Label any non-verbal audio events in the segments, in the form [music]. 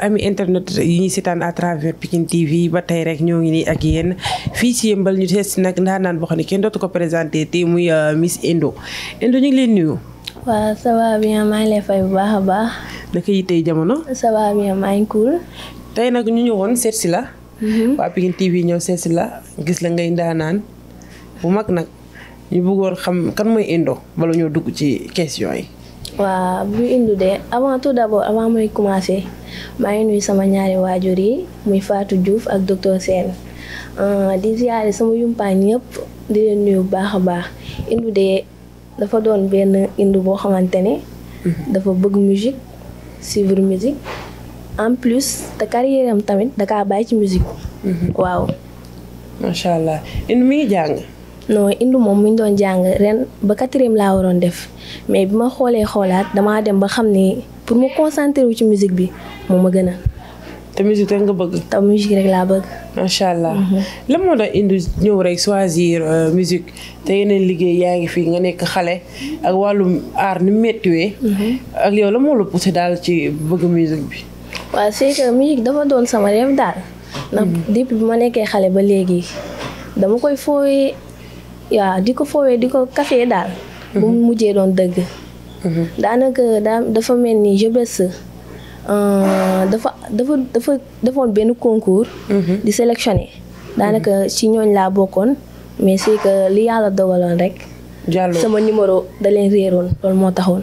ami internet yi ñuy seetaan à travers Pikine TV ba tey rek ñoo ngi nii ak yéen fii ci yëmbal ñu seet si nag ndaanaan boo xam ne kenn dootu ko présenté te muy euh, Miss Indo Indo ñu ngi leen nuyu. waaw ça va bien maa ngi lay fay bu baax a baax. naka yi tey jamono. ça va bien maa ngi cool. tey nag ñu ñëwoon seet si la. Mhm. waa Pikine TV ñëw seet si la gis la ngay ndaanaan bu mag nag ñu bëggoon xam kan mooy Indo bala ñoo dugg ci question yi. waaw bu indu de avant tout d'abord avant muy commencer maa ngi nuyu sama ñaari waajur yi muy faatu juuf ak docteur Sène euh, di ziare sama yumpaañ yëpp di leen nuyu bu baax a baax indu de dafa doon benn indu boo xamante ne. Mhm. dafa bëgg musique suivre musique en plus te carrière tamit daka kaa bàyyi ci musique. Mhm. waaw. macha allah indu mi jàng. non indu moom mu ñu doon jàng ren ba quatrième laa waroon def mais bi ma xoolee xoolaat damaa dem ba xam ni pour mu concentrer wu ci musique bi moom ma gën a. te musique rek nga bëgg. te musique laa bëgg. macha allah. Mhm. lan moo doon indi ñëw rek choisir euh, musique te yeneen liggéey yaa ngi fi nga nekk xale ak wàllum art ni méttiwee. Mhm. ak yow la moo la poussé daal ci bëgg musique bi. waaw c'est que musique dafa doon sama rêve daal. ndax mhm. depuis bi ma nekkee xale ba léegi dama koy fooyee waaw di ko foowee di ko kafee daal. bu mu mhm. mujjee doon dëgg. Mhm. daanaka daa dafa mel ni jeunesse euh, dafa dafa dafa defoon benn concours. Mhm. di sélectionné daanaka ci ñooñ laa bokkoon mais c'est que li yàlla dogaloon rek. sama numéro da leen réeroon loolu moo taxoon.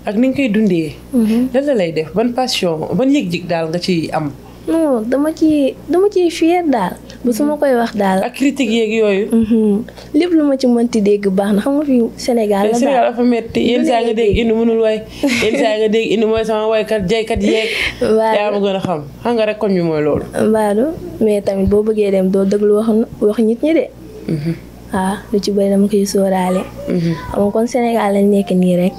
ak ni nga koy dundee. Mhm. lan lay def ban passion ban yëg-yëg daal nga ci am. non dama ci dama ciy fier daal. bu su ma koy wax daal. ak critique yeeg yooyu. Mhm. lépp lu ma ci mënti dégg baax na xam nga fi Sénégal la daal Sénégal dafa métti yéen saa nga dégg indi mënul way indi mooy sama waykat jaykat yeeg. [laughs] waaw yaa ma gën a xam xam nga rek koñ bi mooy loolu. waaw mais tamit boo bëggee dem doo déglu wax wax nit ñi de. waaw mhm. ah, lu ci bëri dama koy sóoraale. xam nga kon Sénégal lañ nekk nii rek.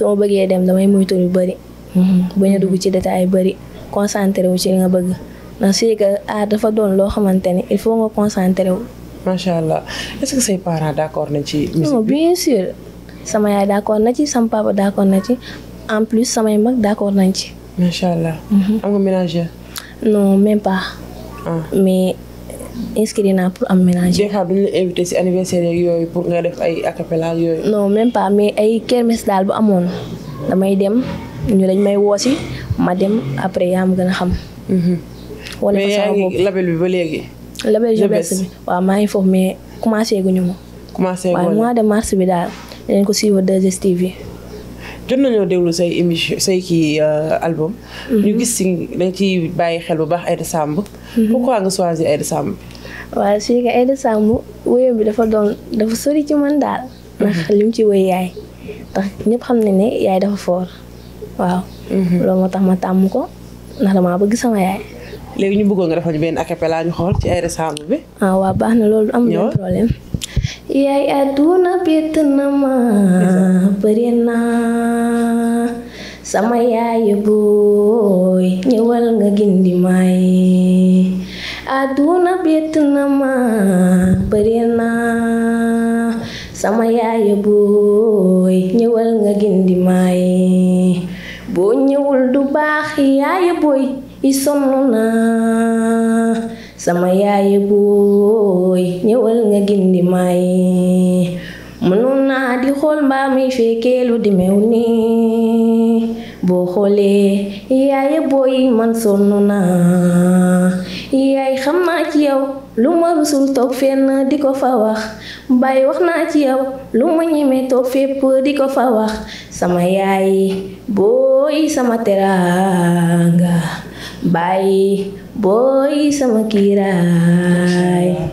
soo bëggee dem damay moytu lu bëri. Mhm. bañ a dugg ci détail bëri concentré wu ci nga bëgg ndax c'est que ah dafa doon loo xamante ne il faut nga concentré wu. macha allah est-ce que say parents d'accord nañ ci. non bien sûr sama yaay d'accord na ci sama papa d'accord na ci en plus samay mag d'accord nañ ci. macha allah. Mhm. am ah. mais. inscrit naa pour am ménage. des fois duñu la invité si anniversaire yeeg yooyu pour nga def ay acapella yooyu. non même pas mais ay kermesse daal bu amoon damay dem ñu lañ may woosi ma dem après yaa ma gën a xam. Mhm. wala fa sama bopp mais bi ba léegi. label jeunesse bi waaw maa ngi foofu mais commencé guñu ma. commencé guñu ma waaw mois de mars bi daal dinañ ko suivre 2STV. jot nañoo déglu say émission say kii euh, album. Mhm. ñu gis si dañ ci bàyyi xel bu baax Aïda Samb. Mhm. pourquoi nga choisir Aïda Samb. waaw su que Aïda Samb wéyam bi dafa doon dafa sori ci man daal. Mhm. ndax li mu ci woy yaay ndax ñëpp xam nañ ne yaay dafa foor waaw. loolu moo tax ma tàmm ko ndax damaa bëgg sama yaay. léegi ñu buggoon nga defal benn ak acapella ñu xool ci ay Aïda Samb bi. ah waaw baax na loolu am na problème. yaay àdduna bett na ma bëri naa sama yaay booy ñëwal nga gindi may àdduna bett na ma bëri naa sama yaay booy ñëwal nga gindi may boo ñëwul du baax yaay booy i sonn naa sama yaay booy ñëwal nga gindi may mënoon naa di xool mbaa muy fekkee lu demew nii boo xoolee yaay booy man sonn naa yaay xam naa ci yow lu ma rusul toog fenn di ko fa wax bàyyi wax naa ci yow lu ma ñemee toog fépp di ko fa wax sama yaay booy sama teraanga bàyyi booy sama kiiraay.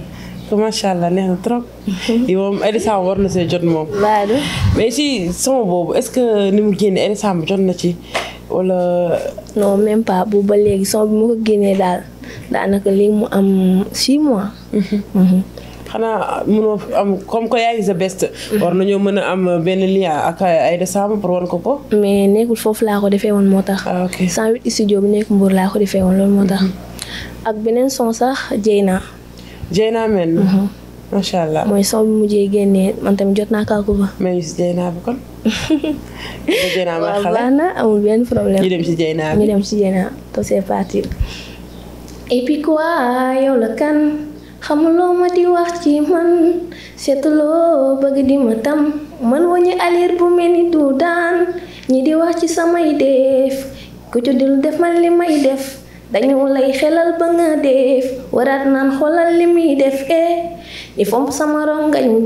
macha allah neex na trop. [laughs] yow moom Elisa war na see jot moom. waaw mais si sama boobu est-ce que ni mu génne Elisa jot na ci wala. non même pas bu ba léegi sama bi ma ko génnee daal daanaka léegi mu am 6 mois. Mhm. Mhm. xanaa mënoo am comme que yaay the best. war nañoo mën a am benn lien ak Aïda Samb pour wan ko ko. mais nekkul foofu laa ko defee woon moo tax. ah ok 108 studio bi nekk laa ko defee woon loolu moo tax. Mhm. ak beneen son sax Jeyna. Jeyna men. Mhm. macha allah mooy son bi mujjee génnee man tamit jot naa kàggu ba. mais ñu si kon. ma [laughs] xale baax na amul benn problème. ñu dem si si Jeyna. to c'est yow la kan. Kamu lo mati wax ci man seetuloo bëgg di matam alir bumi ni dudan Nyidi ñi di wax ci samay def def man lima idef def ulai khelal banga def Warat nan kholal limi def eh Nifom sama rongañ dootuma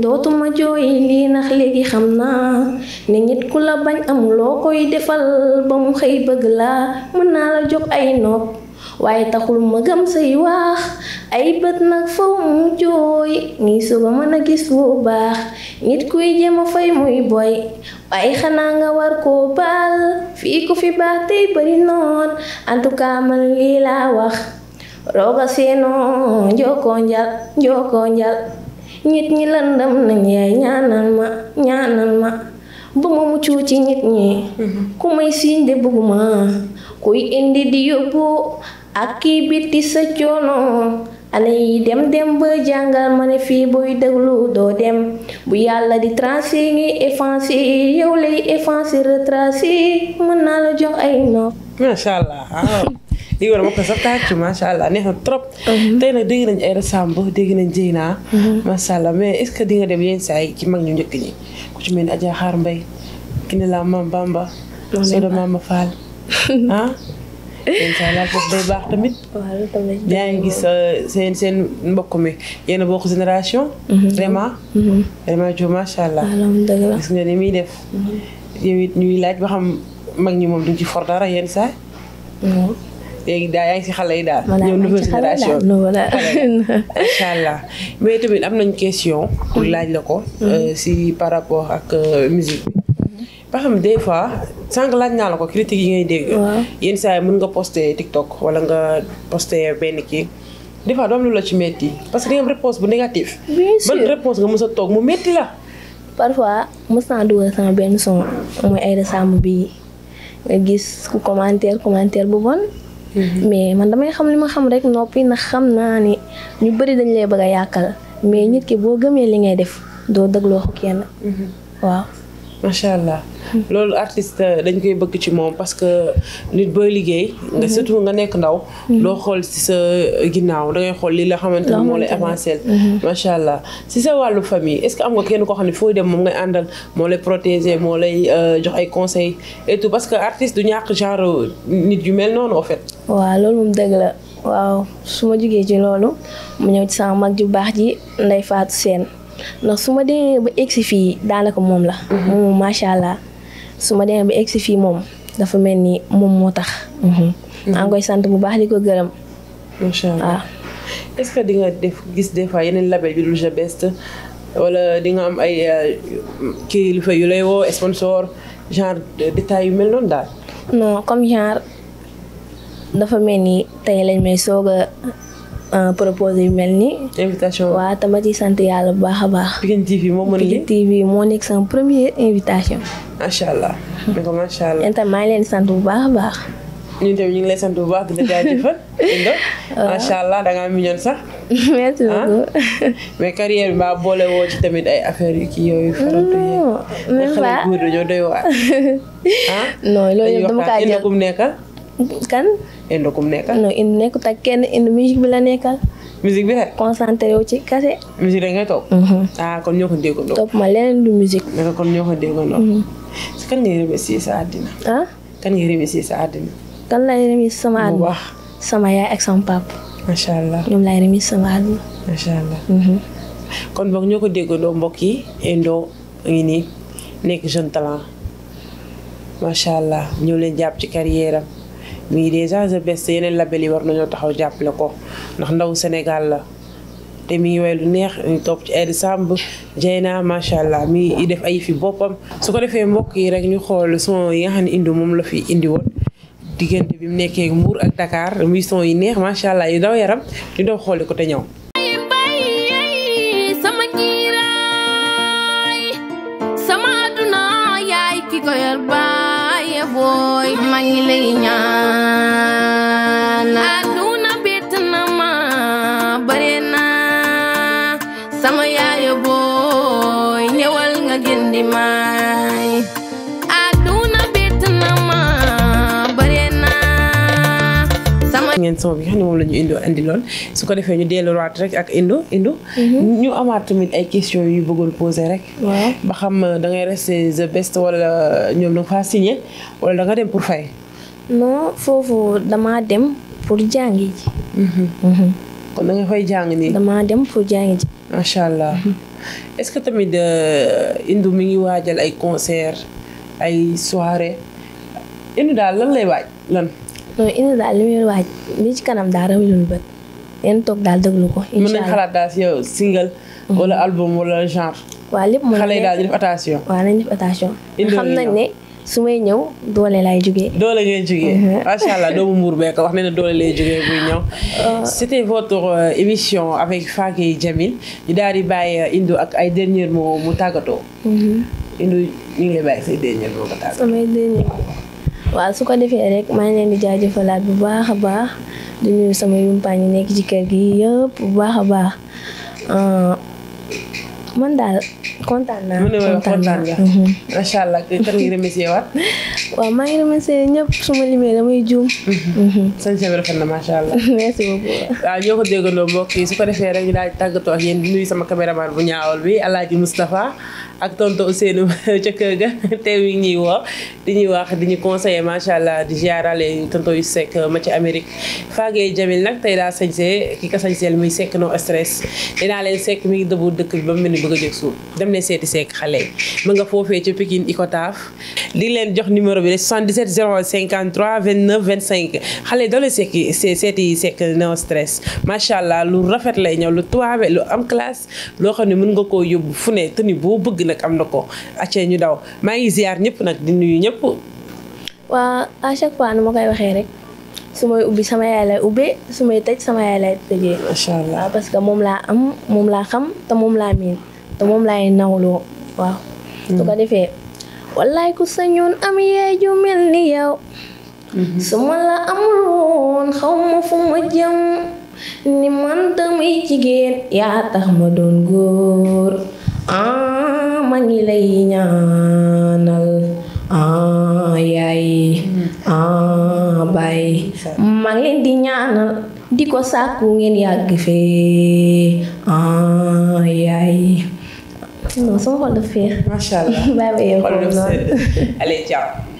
dotu majo nax nak legi khamna Nengit kula koi defal ba mu xëy jok ainop. ay nop waaye taxul ma gëm say wax ay bët nag faw mu jooy ngi suba mën a gis bu baax nit kuy jéem a fay muy boy waaye xanaa nga war koo baal fii ku fi baax tey bari noon en man lii laa wax rooga seenoo njookoo njal njookoo njal nit ñi lëndam nañ yaay ñaanal ma ñaanal ma bu ma muccu ci nit ñi mm-hmm. ku may siiñ de bugguma Kui indi diu bu ak kii bitti dem dem ba jàngal ma ne fii booy dem bu yalla di transi ngi efansi yow lay efansi retracé mën jo ay nopp. macha allah lii [laughs] war ma ko sa allah ne ha trop. Mhm. tay nak dégg nañ ay resamb dégg nañ Dieyna. macha mhm. allah mais est ce que di nga dem yeen say ci mag ñu ñëk ñi ku ci mel Adja Xaar Mbay Kiné la Mam Bamba. do mam Fall. [laughs] ah. incha [laughs] allah foofu day baax tamit. waaw tamit yaa ngi gis euh, seen seen mbokk mi yenn a bokk génération. vraiment. Mhm. Mhm. vraiment Diouf macha muy def. Mhm. it ñuy laaj ba mag ñi moom duñ ci for dara yenn saa léegi daal yaa ngi si xale allah mais tamit am nañ question. pour laaj la ko. Euh, si par rapport ak euh, musique. ba xam des fois sànq laaj naa la ko critique yi ngay dégg. yenn saa yi mën nga poster TikTok wala nga poster benn kii. des fois doo am lu la ci metti parce que da nga bu négative. bien sûr ban a toog mu metti la. parfois mës naa benn son mooy ay bi nga gis commentaire commentaire bu bon. Mhm. mais man damay xam li ma xam rek noppi na xam naa ni ñu bëri dañ lay bëgg a yàqal mais nit ki boo gëmee li ngay def doo dëgloo ko kenn. Mhm. waaw macha allah loolu artiste dañ koy bëgg ci moom parce que nit booy liggéey. nga mhm. surtout nga nekk ndaw. Mhm. loo xool si sa ginnaaw dangay xool lii la xamante ne moo lay avancé. Mhm. macha allah si sa wàllu famille est ce que am nga kenn koo xam ne foo dem moom ngay àndal moo lay protéger moo lay euh, jox ay conseils et parce que artiste du ñàkk genre nit yu mel noonu en fait. waaw loolu moom dëgg la waaw su ma jugee ci loolu mu ñëw ci mag ju baax ji lay Fatou seen ndax su ma demee ba egsi fii daanaka moom la. Mhm. moom macha allah su ma demee ba egsi fii moom dafa mel ni moom moo tax. Mhm. maa ngi koy sant bu baax di ko gërëm. macha allah est di nga def gis des fois yeneen label bi dul Ja Best wala di nga am ay kii euh, kilifa yu lay woo sponsor genre détail yu mel noonu daal. non comme genre dafa mel ni tey lañ may soog a Ah, proposé yu mel nii. invitation waaw tama sant yàlla bu baax a baax. Pikine moo mën Pikine moo nekk sama première invitation. macha allah. macha allah yéen tam maa leen sant bu baax a baax. ñun tamit ñu ngi lay sant bu baax di la jaajëfal. macha allah da ngaa mignon sax. [laughs] merci ah? beaucoup. mais carrière bi boole woo ci tamit ay affaires yu kii yooyu. faratu yeeg. même pas xale góor dañoo doy waar. [laughs] Ah? non loolu yëpp dama kaa jël kan indo kum nekka no in nekku ta kenn in music bi la nekkal music bi concentré wu ci kase da ngay top ah kon ñoko déggo top ma leneen du musique nga kon ñoko déggo do mm kan ngay ci sa adina ah kan ngay ci sa adina kan lay remercier sama adina sama ya ak sama pap masha allah ñom lay remercier sama adina masha allah -hmm. kon bok ñoko déggo do mbokk yi indo ngi ni nek jeune talent masha allah ñu leen japp ci carrière mii déjà The Best yeneen label yi war nañoo taxaw jàppale ko ndax ndaw Sénégal la te mi ngi way lu neex ñu topp ci Aïda Samb Dieyna macha allah mi def ay fi boppam su ko defee mbokk yi rek ñu xool son yi nga xam ne indi moom la fi indi woon diggante bi mu nekkee Mbour ak Dakar muy son yi neex macha allah yu daw yaram ñu daw xooli ko te ñëw. goodbye. boy maa ngi ngeen sama bi nga xam ne moom la ñu indi indi lool su ko defee ñu delluwaat rek ak indo indo mhm. ñu amaat tamit ay questions yu bëggoon poser rek ba xam euh, da ngay rester the best wala euh, ñoom da nga faa signé wala da dem pour fay non foofu damaa dem pour jàngi ji mhm. Mhm. kon da nga fay jàng nii damaa dem pour jàngi ji macha allah est-ce que tamit euh, Indou mi ngi waajal ay concert ay soirée Indou daal lan lay waaj lan non indi daal li muy waaj li ci kanam daal raw bët ngeen toog daal déglu ko. incha allah xalaat daal si yow single. Mhm. wala album wala genre. waaw lépp mën xale daal nañ ne su may ñëw doole laay jugee. doole ngay jugee. Mhm. macha allah doomu Mbour bee ko wax ne ne doole lay jugee buy ñëw. [laughs] Uh. c'était votre euh, émission avec Fakki Jamil ñu daal di bàyyi euh, Indou ak ay dernier mots mu tàggatoo. Mhm. Indou ñu ngi dernier waaw su ko defee rek maa ngi leen di jaajëfalaat bu baax a baax di nuyu sama yumpaañ nekk ci kër gi yëpp bu baax a baax man daal kontaan naa. kontaan naa mhm. macha allah kan ngay remercier waat. [laughs] waaw maa ngi remercier ñëpp su ma limee damay juum. Mhm. Mhm. sëñ bi rafet na macha allah. [laughs] merci beaucoup. waaw ñoo ko déggandoo mbokk yi su ko defee rek ñu daal di tàggatoo ak yéen nuyu sama caméraman bu ñaawal bi El Hadj Moustapha ak tonton Ousseynou [laughs] ca kër ga te yi ñuy woo di ñuy wax di ñu conseiller macha allah di ziarale tonton yu Seck ma ci Amérique. Fage Jamil nag tey daa sañsee ki ka sañseel muy Seck non stress dinaa leen Seck bëgg a jóg suuf dem leen seeti seek xale yi ma nga foofee ca Pikine Icotaf di leen jox numéro bi de 77 053 29 25 xale yi doo leen seeki seeti seek no stress macha allah lu rafet lay ñëw lu tuwaabe lu am classe loo xam ne mën nga koo yóbbu fu ne te ni boo bëgg nag am na ko acee ñu daw maa ngi ziar ñëpp nag di nuyu ñëpp waa à chaque fois nu ma koy waxee rek su may ubbi sama yaay lay ubbee su may tëj sama yaay lay tëjee. parce que moom laa am moom laa xam te moom laa te moom laay nawloo waaw mm-hmm. su ko defee wallaay ku sañoon am yaay ju mel ni yow mm-hmm. su ma la amul xaw ma fu ma jëm ni man damay jigéen yaa tax ma doon góor ah ma ngi lay ñaanal ah yaay mm-hmm. ah baay ma leen di ñaanal di ko sàkku ngeen yàgg fee ah yaay non sama xol la féex. macha allah bàyyi ma yegg foofu noonu allez ciao.